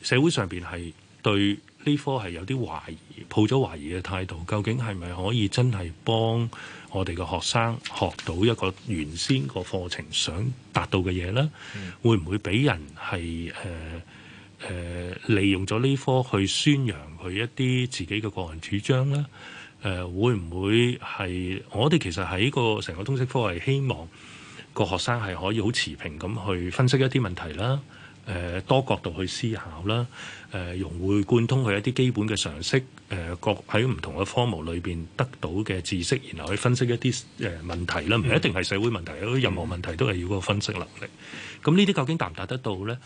社會上邊係對呢科係有啲懷疑，抱咗懷疑嘅態度。究竟係咪可以真係幫我哋嘅學生學到一個原先個課程想達到嘅嘢呢？嗯、會唔會俾人係誒誒利用咗呢科去宣揚佢一啲自己嘅個人主張呢？誒、呃，會唔會係我哋其實喺個成個通識科係希望個學生係可以好持平咁去分析一啲問題啦，誒、呃、多角度去思考啦，誒、呃、融會貫通佢一啲基本嘅常識，誒、呃、各喺唔同嘅科目裏邊得到嘅知識，然後去分析一啲誒、呃、問題啦，唔一定係社會問題，任何問題都係要個分析能力。咁呢啲究竟達唔達得到呢？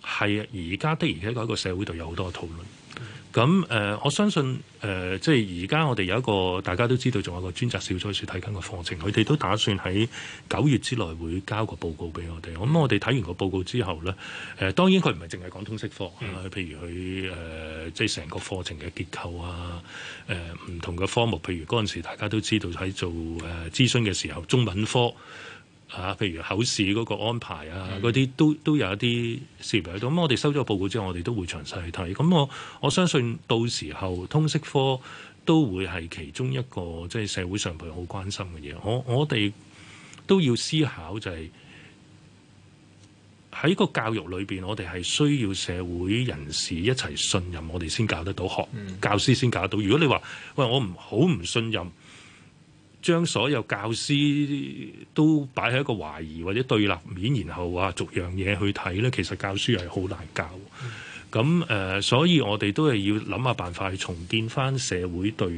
係而家的而且確喺個社會度有好多討論。咁誒、呃，我相信誒、呃，即係而家我哋有一個大家都知道，仲有個專責小組去睇緊個課程，佢哋都打算喺九月之內會交個報告俾我哋。咁、嗯、我哋睇完個報告之後咧，誒、呃、當然佢唔係淨係講通識科、啊，譬如佢誒、呃、即係成個課程嘅結構啊，誒、呃、唔同嘅科目，譬如嗰陣時大家都知道喺做誒、呃、諮詢嘅時候，中文科。嚇、啊，譬如考試嗰個安排啊，嗰啲、嗯、都都有一啲事業喺度。咁我哋收咗報告之後，我哋都會詳細去睇。咁我我相信到時候通識科都會係其中一個即係、就是、社會上邊好關心嘅嘢。我我哋都要思考就係、是、喺個教育裏邊，我哋係需要社會人士一齊信任我哋先教得到學，教師先教得到。如果你話喂，我唔好唔信任。將所有教師都擺喺一個懷疑或者對立面，然後話逐樣嘢去睇，呢其實教書係好難教。咁誒、呃，所以我哋都係要諗下辦法去重建翻社會對。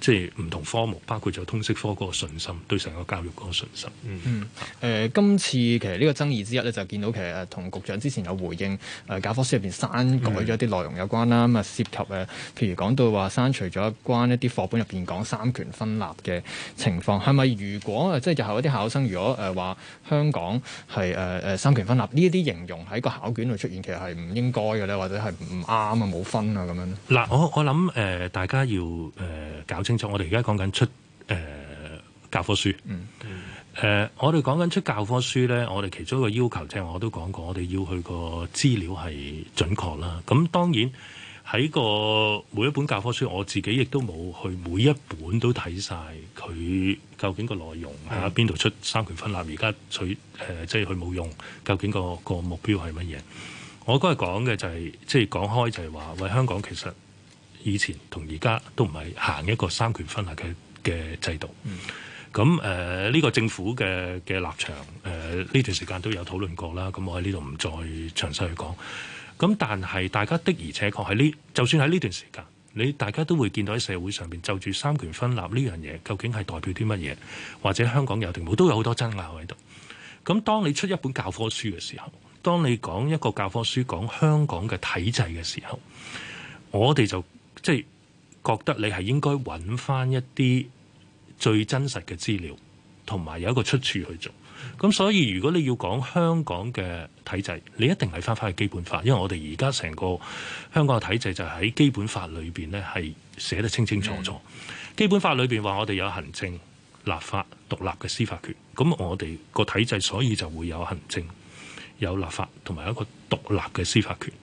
即係唔同科目，包括咗通識科嗰個信心，對成個教育嗰個信心。嗯，誒、嗯呃，今次其實呢個爭議之一咧，就見到其實誒同局長之前有回應誒、呃、教科書入邊刪改咗啲內容有關啦。咁啊涉及誒，譬、啊、如講到話刪除咗一關一啲課本入邊講三權分立嘅情況，係咪如果即係日後一啲考生如果誒話香港係誒誒三權分立呢一啲形容喺個考卷度出現，其實係唔應該嘅咧，或者係唔啱啊，冇分啊咁樣嗱、呃，我我諗誒、呃，大家要誒、呃清楚，我哋而家講緊出誒、呃、教科書。嗯、呃、誒，我哋講緊出教科書咧，我哋其中一個要求即係，我都講過，我哋要去個資料係準確啦。咁當然喺個每一本教科書，我自己亦都冇去每一本都睇晒佢究竟個內容喺邊度出三權分立，而家取誒即係佢冇用，究竟個個目標係乜嘢？我 𠮶 日講嘅就係、是，即係講開就係話，喂香港其實。以前同而家都唔係行一個三權分立嘅嘅制度。咁誒呢個政府嘅嘅立場誒呢段時間都有討論過啦。咁我喺呢度唔再詳細去講。咁但係大家的而且確喺呢，就算喺呢段時間，你大家都會見到喺社會上面就住三權分立呢樣嘢，究竟係代表啲乜嘢，或者香港有定冇都有好多爭拗喺度。咁當你出一本教科書嘅時候，當你講一個教科書講香港嘅體制嘅時候，我哋就。即係覺得你係應該揾翻一啲最真實嘅資料，同埋有一個出處去做。咁所以如果你要講香港嘅體制，你一定係翻翻去基本法，因為我哋而家成個香港嘅體制就喺基本法裏邊呢係寫得清清楚楚。的基本法裏邊話我哋有行政、立法、獨立嘅司法權。咁我哋個體制所以就會有行政、有立法同埋一個獨立嘅司法權。誒、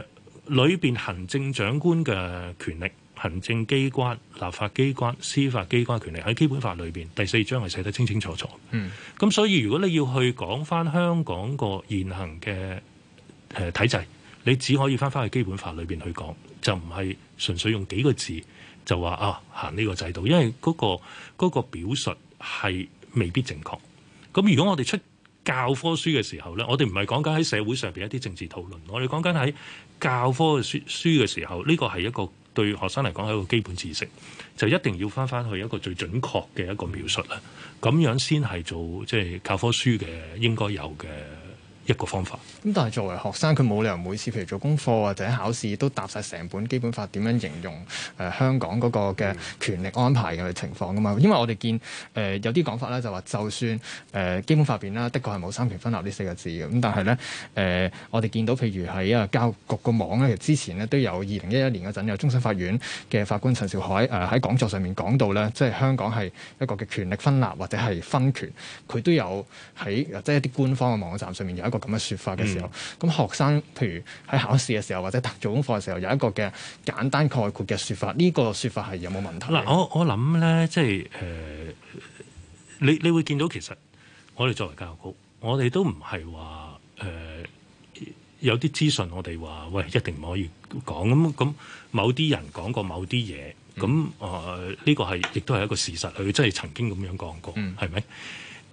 呃。裏邊行政長官嘅權力、行政機關、立法機關、司法機關嘅權力喺基本法裏邊第四章係寫得清清楚楚。嗯，咁所以如果你要去講翻香港個現行嘅誒體制，你只可以翻翻去基本法裏邊去講，就唔係純粹用幾個字就話啊行呢個制度，因為嗰、嗰個、嗰個表述係未必正確。咁如果我哋出教科書嘅時候呢，我哋唔係講緊喺社會上邊一啲政治討論，我哋講緊喺。教科書書嘅時候，呢個係一個對學生嚟講係一個基本知識，就一定要返返去一個最準確嘅一個描述啦。咁樣先係做即係、就是、教科書嘅應該有嘅。一個方法。咁但係作為學生，佢冇理由每次譬如做功課或者考試都答晒成本基本法點樣形容，誒、呃、香港嗰個嘅權力安排嘅情況噶嘛？因為我哋見誒、呃、有啲講法咧，就話就算誒、呃、基本法入邊啦，的確係冇三權分立呢四個字。咁但係咧誒，我哋見到譬如喺啊教育局個網咧，其實之前咧都有二零一一年嗰陣有終審法院嘅法官陳兆愷誒喺講座上面講到咧，即係香港係一個嘅權力分立或者係分權，佢都有喺即係一啲官方嘅網站上面有一個咁嘅説法嘅時候，咁、嗯、學生譬如喺考試嘅時候，或者做功課嘅時候，有一個嘅簡單概括嘅説法，呢、呢個説法係有冇問題？嗱，我我諗咧，即係誒、呃，你你會見到其實我哋作為教育局，我哋都唔係話誒有啲資訊我，我哋話喂一定唔可以講咁咁。某啲人講過某啲嘢，咁啊呢個係亦都係一個事實，佢真係曾經咁樣講過，係咪、嗯？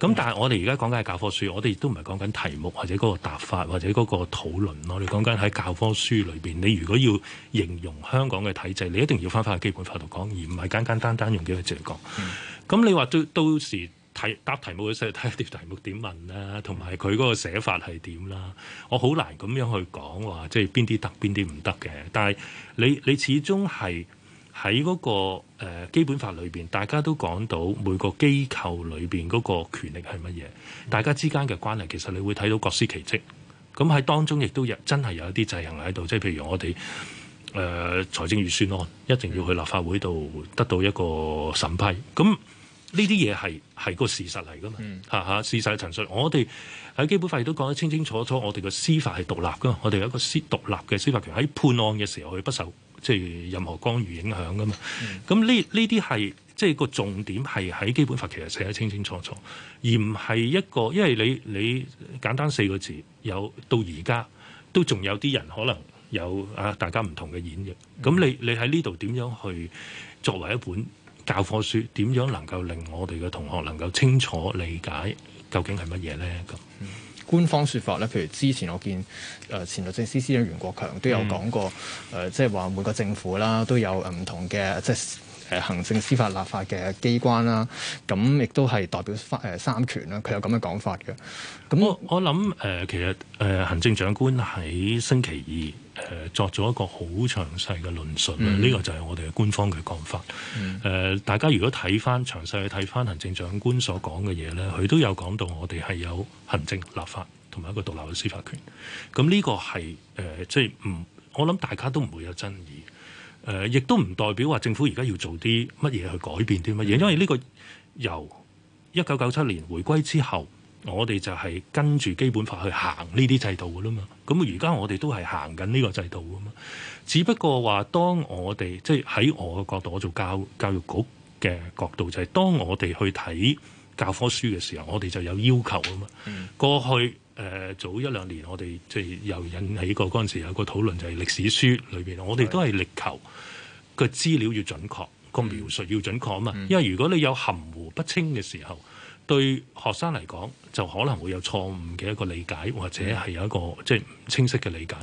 咁、嗯、但係我哋而家講緊係教科書，我哋亦都唔係講緊題目或者嗰個答法或者嗰個討論，我哋講緊喺教科書裏邊。你如果要形容香港嘅體制，你一定要翻翻去《基本法》度講，而唔係簡簡單,單單用幾個字嚟講。咁、嗯嗯嗯、你話到到時睇答題目嘅時候，睇啲題目點問啦，同埋佢嗰個寫法係點啦，我好難咁樣去講話，即係邊啲得邊啲唔得嘅。但係你你始終係。喺嗰、那個、呃、基本法裏邊，大家都講到每個機構裏邊嗰個權力係乜嘢，大家之間嘅關係其實你會睇到各司其職。咁喺當中亦都有真係有一啲制衡喺度，即係譬如我哋誒、呃、財政預算案一定要去立法會度得到一個審批。咁呢啲嘢係係個事實嚟㗎嘛？嚇嚇、嗯、事實嘅陳述，我哋喺基本法亦都講得清清楚楚，我哋嘅司法係獨立㗎嘛，我哋有一個司獨立嘅司法權喺判案嘅時候去不受即係任何干預影響噶嘛？咁呢呢啲係即係個重點係喺基本法，其實寫得清清楚楚，而唔係一個，因為你你簡單四個字有到而家都仲有啲人可能有啊，大家唔同嘅演繹。咁、嗯、你你喺呢度點樣去作為一本教科書？點樣能夠令我哋嘅同學能夠清楚理解究竟係乜嘢呢？咁、嗯。嗯官方説法咧，譬如之前我見誒前律政司司長袁國強都有講過誒，即係話每個政府啦，都有唔同嘅即係行政、司法、立法嘅機關啦。咁亦都係代表誒三權啦。佢有咁嘅講法嘅。咁我我諗誒、呃，其實誒、呃、行政長官喺星期二。誒作咗一個好詳細嘅論述啦，mm hmm. 呢個就係我哋嘅官方嘅講法。誒、mm hmm. 呃，大家如果睇翻詳細去睇翻行政長官所講嘅嘢呢，佢都有講到我哋係有行政、立法同埋一個獨立嘅司法權。咁呢個係誒，即係唔，我諗大家都唔會有爭議。誒、呃，亦都唔代表話政府而家要做啲乜嘢去改變啲乜嘢，mm hmm. 因為呢個由一九九七年回歸之後。我哋就係跟住基本法去行呢啲制度嘅啦嘛，咁而家我哋都係行緊呢個制度啊嘛。只不過話，當我哋即係喺我嘅角度，我做教教育局嘅角度、就是，就係當我哋去睇教科書嘅時候，我哋就有要求啊嘛。嗯、過去誒、呃、早一兩年，我哋即係又引起過嗰陣時有個討論，就係歷史書裏邊，我哋都係力求個資料要準確，個描述要準確啊嘛。因為如果你有含糊不清嘅時候，對學生嚟講，就可能會有錯誤嘅一個理解，或者係有一個即係唔清晰嘅理解。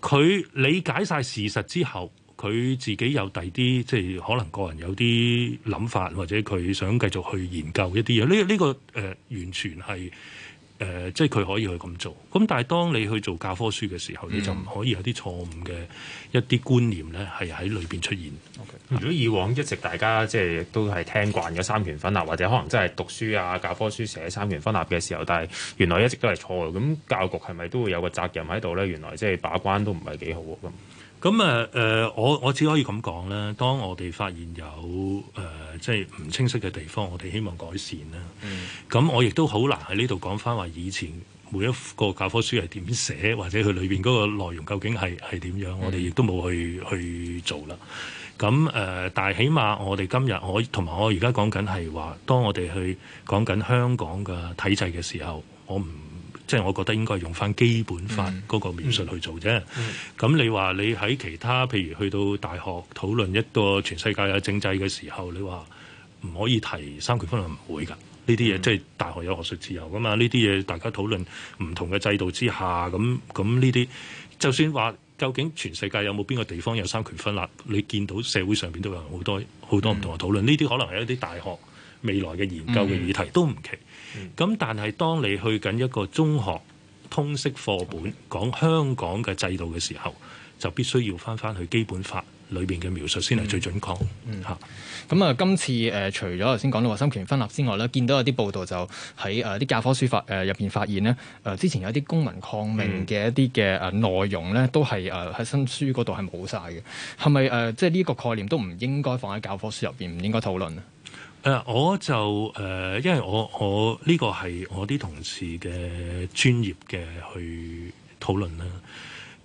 佢、呃、理解晒事實之後，佢自己有第啲即係可能個人有啲諗法，或者佢想繼續去研究一啲嘢。呢、這、呢個誒、呃，完全係。誒、呃，即係佢可以去咁做，咁但係當你去做教科書嘅時候，你就唔可以有啲錯誤嘅一啲觀念咧，係喺裏邊出現。Okay. 如果以往一直大家即係都係聽慣咗三權分立，或者可能真係讀書啊、教科書寫三權分立嘅時候，但係原來一直都係錯嘅。咁教育局係咪都會有個責任喺度咧？原來即係把關都唔係幾好咁。咁誒誒，我我只可以咁講啦。當我哋發現有誒、呃，即係唔清晰嘅地方，我哋希望改善啦。咁、嗯、我亦都好難喺呢度講翻話講返話以前每一個教科書係點寫，或者佢裏邊嗰個內容究竟係係點樣，我哋亦都冇去、嗯、去做啦。咁誒、呃，但係起碼我哋今日我同埋我而家講緊係話，當我哋去講緊香港嘅體制嘅時候，我唔。即係我覺得應該用翻基本法嗰個描述去做啫。咁、嗯嗯、你話你喺其他譬如去到大學討論一個全世界嘅政制嘅時候，你話唔可以提三權分立唔會㗎？呢啲嘢即係大學有學術自由㗎嘛？呢啲嘢大家討論唔同嘅制度之下，咁咁呢啲就算話究竟全世界有冇邊個地方有三權分立？你見到社會上面都有好多好多唔同嘅討論，呢啲、嗯、可能係一啲大學未來嘅研究嘅議題都唔奇。嗯嗯咁、嗯、但係當你去緊一個中學通識課本講香港嘅制度嘅時候，就必須要翻翻去《基本法》裏邊嘅描述先係最準確，嗯。嗯，嚇、嗯。咁啊，今次誒除咗頭先講到話三權分立之外咧，見到有啲報道就喺誒啲教科書發誒入邊發現呢誒之前有啲公民抗命嘅一啲嘅誒內容咧，都係誒喺新書嗰度係冇晒嘅。係咪誒即係呢一個概念都唔應該放喺教科書入邊，唔應該討論啊？我就誒、呃，因為我我呢個係我啲同事嘅專業嘅去討論啦。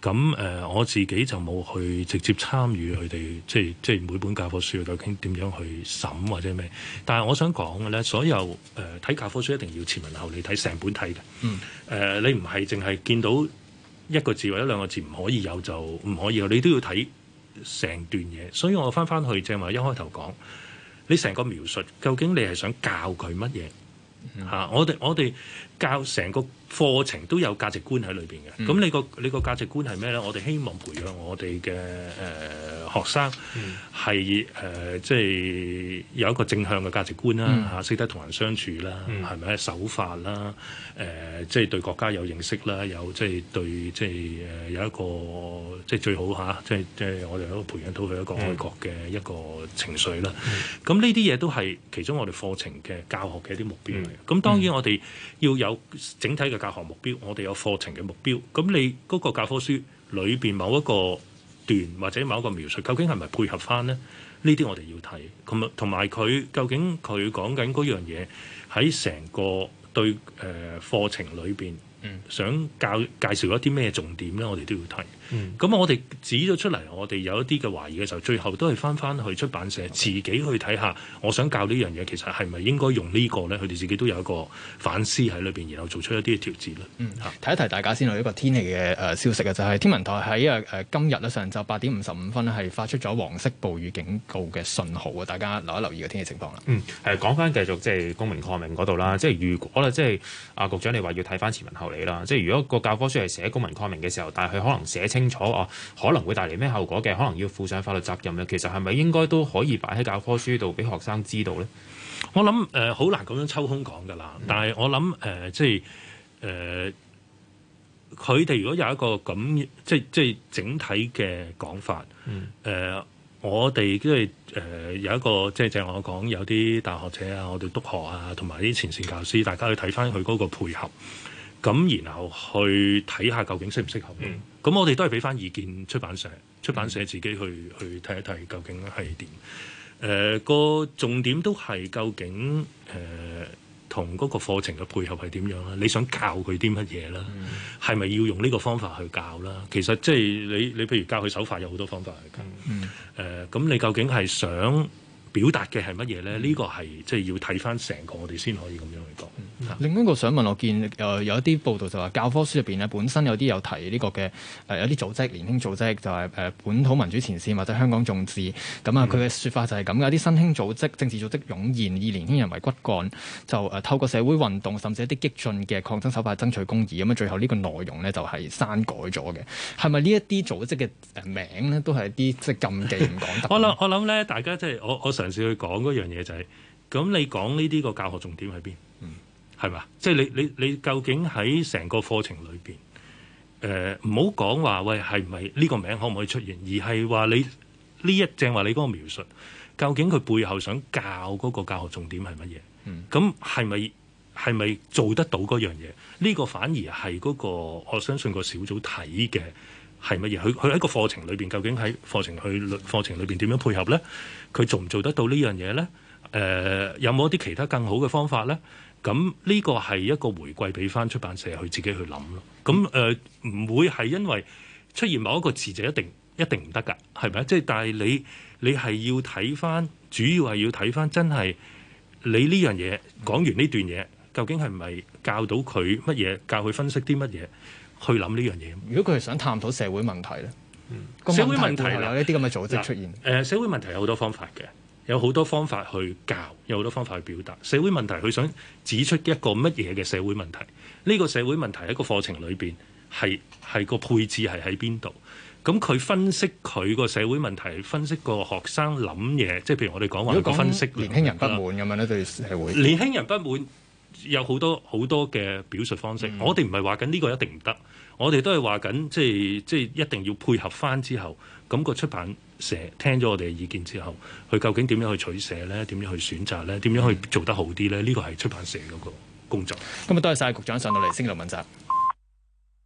咁誒、呃，我自己就冇去直接參與佢哋，即係即係每本教科書究竟點樣去審或者咩？但係我想講嘅咧，所有誒睇、呃、教科書一定要前文後理睇，成本睇嘅。誒、嗯呃，你唔係淨係見到一個字或者兩個字唔可以有就唔可以有，你都要睇成段嘢。所以我翻翻去正話一開頭講。你成個描述，究竟你係想教佢乜嘢？嚇、嗯！我哋我哋教成個課程都有價值觀喺裏邊嘅。咁、嗯、你個你個價值觀係咩咧？我哋希望培養我哋嘅誒學生係誒，即、呃、係、就是、有一個正向嘅價值觀啦。嚇、嗯，識得同人相處啦，係咪守法啦？誒，即係、呃就是、對國家有認識啦，有即係、就是、對即係誒有一個即係、就是、最好嚇，即係即係我哋一個培養到佢一個愛國嘅一個情緒啦。咁呢啲嘢都係其中我哋課程嘅教學嘅一啲目標。咁、嗯、當然我哋要有整體嘅教學目標，我哋有課程嘅目標。咁你嗰個教科書裏邊某一個段或者某一個描述，究竟係咪配合翻呢？呢啲我哋要睇。咁啊，同埋佢究竟佢講緊嗰樣嘢喺成個對誒課程裏邊，想教介紹一啲咩重點呢？我哋都要睇。咁、嗯、我哋指咗出嚟，我哋有一啲嘅懷疑嘅時候，最後都係翻翻去出版社 Okay. 自己去睇下，我想教呢樣嘢，其實係咪應該用個呢個咧？佢哋自己都有一個反思喺裏邊，然後做出一啲嘅調節啦。嗯，睇、啊、一睇大家先啊，一個天氣嘅誒消息啊，就係、是、天文台喺誒今日啦上晝八點五十五分咧，係發出咗黃色暴雨警告嘅信號啊！大家留一留意個天氣情況啦。嗯，誒講翻繼續即係、就是、公民抗命嗰度啦，即、就、係、是、如果咧，即係阿局長你話要睇翻前文後理啦，即、就、係、是、如果個教科書係寫公民抗命嘅時候，但係佢可能寫清清楚哦，可能會帶嚟咩後果嘅，可能要負上法律責任咧。其實係咪應該都可以擺喺教科書度，俾學生知道咧？我諗誒，好、呃、難咁樣抽空講噶啦。嗯、但係我諗誒、呃，即係誒，佢、呃、哋如果有一個咁即即整體嘅講法，誒、呃、我哋即係誒有一個即係，正我講，有啲大學者啊，我哋督學啊，同埋啲前線教師，大家去睇翻佢嗰個配合，咁然後去睇下究竟適唔適合。嗯咁我哋都係俾翻意見出版社，出版社自己去去睇一睇究竟係點。誒、呃嗰個重點都係究竟誒同嗰個課程嘅配合係點樣啦？你想教佢啲乜嘢啦？係咪、嗯、要用呢個方法去教啦？其實即係你你譬如教佢手法，有好多方法去教。誒咁、嗯呃、你究竟係想？表達嘅係乜嘢咧？呢、這個係即係要睇返成個我哋先可以咁樣去講。嗯、另一個想問，我見誒、呃、有一啲報道就話教科書入邊咧本身有啲有提呢個嘅誒、呃、有啲組織年輕組織就係、是、誒本土民主前線或者香港眾志，咁啊佢嘅説法就係咁嘅，有啲新興組織政治組織湧現，以年輕人為骨幹，就誒透過社會運動甚至一啲激進嘅抗爭手法爭取公義，咁啊最後呢個內容咧就係刪改咗嘅，係咪呢一啲組織嘅誒名咧都係一啲即係禁忌唔講得？我諗我諗咧大家即係我我想。我想上次佢講嗰樣嘢就係，咁你講呢啲個教學重點喺邊？嗯，係嘛？即係你你你究竟喺成個課程裏邊，誒唔好講話喂係唔係呢個名可唔可以出現，而係話你呢一正話你嗰個描述，究竟佢背後想教嗰個教學重點係乜嘢？嗯，嗯，咁係咪係咪做得到嗰樣嘢？呢個反而係嗰個我相信個小組睇嘅。係乜嘢？佢佢喺一個課程裏邊，究竟喺課程佢課程裏邊點樣配合呢？佢做唔做得到呢樣嘢呢？誒、呃，有冇一啲其他更好嘅方法呢？咁呢個係一個回饋俾翻出版社去自己去諗咯。咁誒唔會係因為出現某一個詞就一定一定唔得㗎？係咪？即係但係你你係要睇翻，主要係要睇翻真係你呢樣嘢講完呢段嘢，究竟係咪教到佢乜嘢？教佢分析啲乜嘢？去諗呢樣嘢，如果佢係想探討社會問題咧，社會問題有一啲咁嘅組織出現。社會問題有好多方法嘅，有好多方法去教，有好多方法去表達社會，社會問題。佢想指出一個乜嘢嘅社會問題？呢個社會問題一個課程裏邊係係個配置係喺邊度？咁佢分析佢個社會問題，分析個學生諗嘢，即係譬如我哋講話分析年輕人不滿咁樣咧對社會，年輕人不滿。話有好多好多嘅表述方式，嗯、我哋唔係話緊呢個一定唔得，我哋都係話緊即係即係一定要配合翻之後咁、個出版社聽咗我哋嘅意見之後，佢究竟點樣去取捨咧？點樣去選擇咧？點樣去做得好啲咧？呢、個係出版社嗰個工作。咁日、嗯、多謝晒局長上到嚟星期六問責。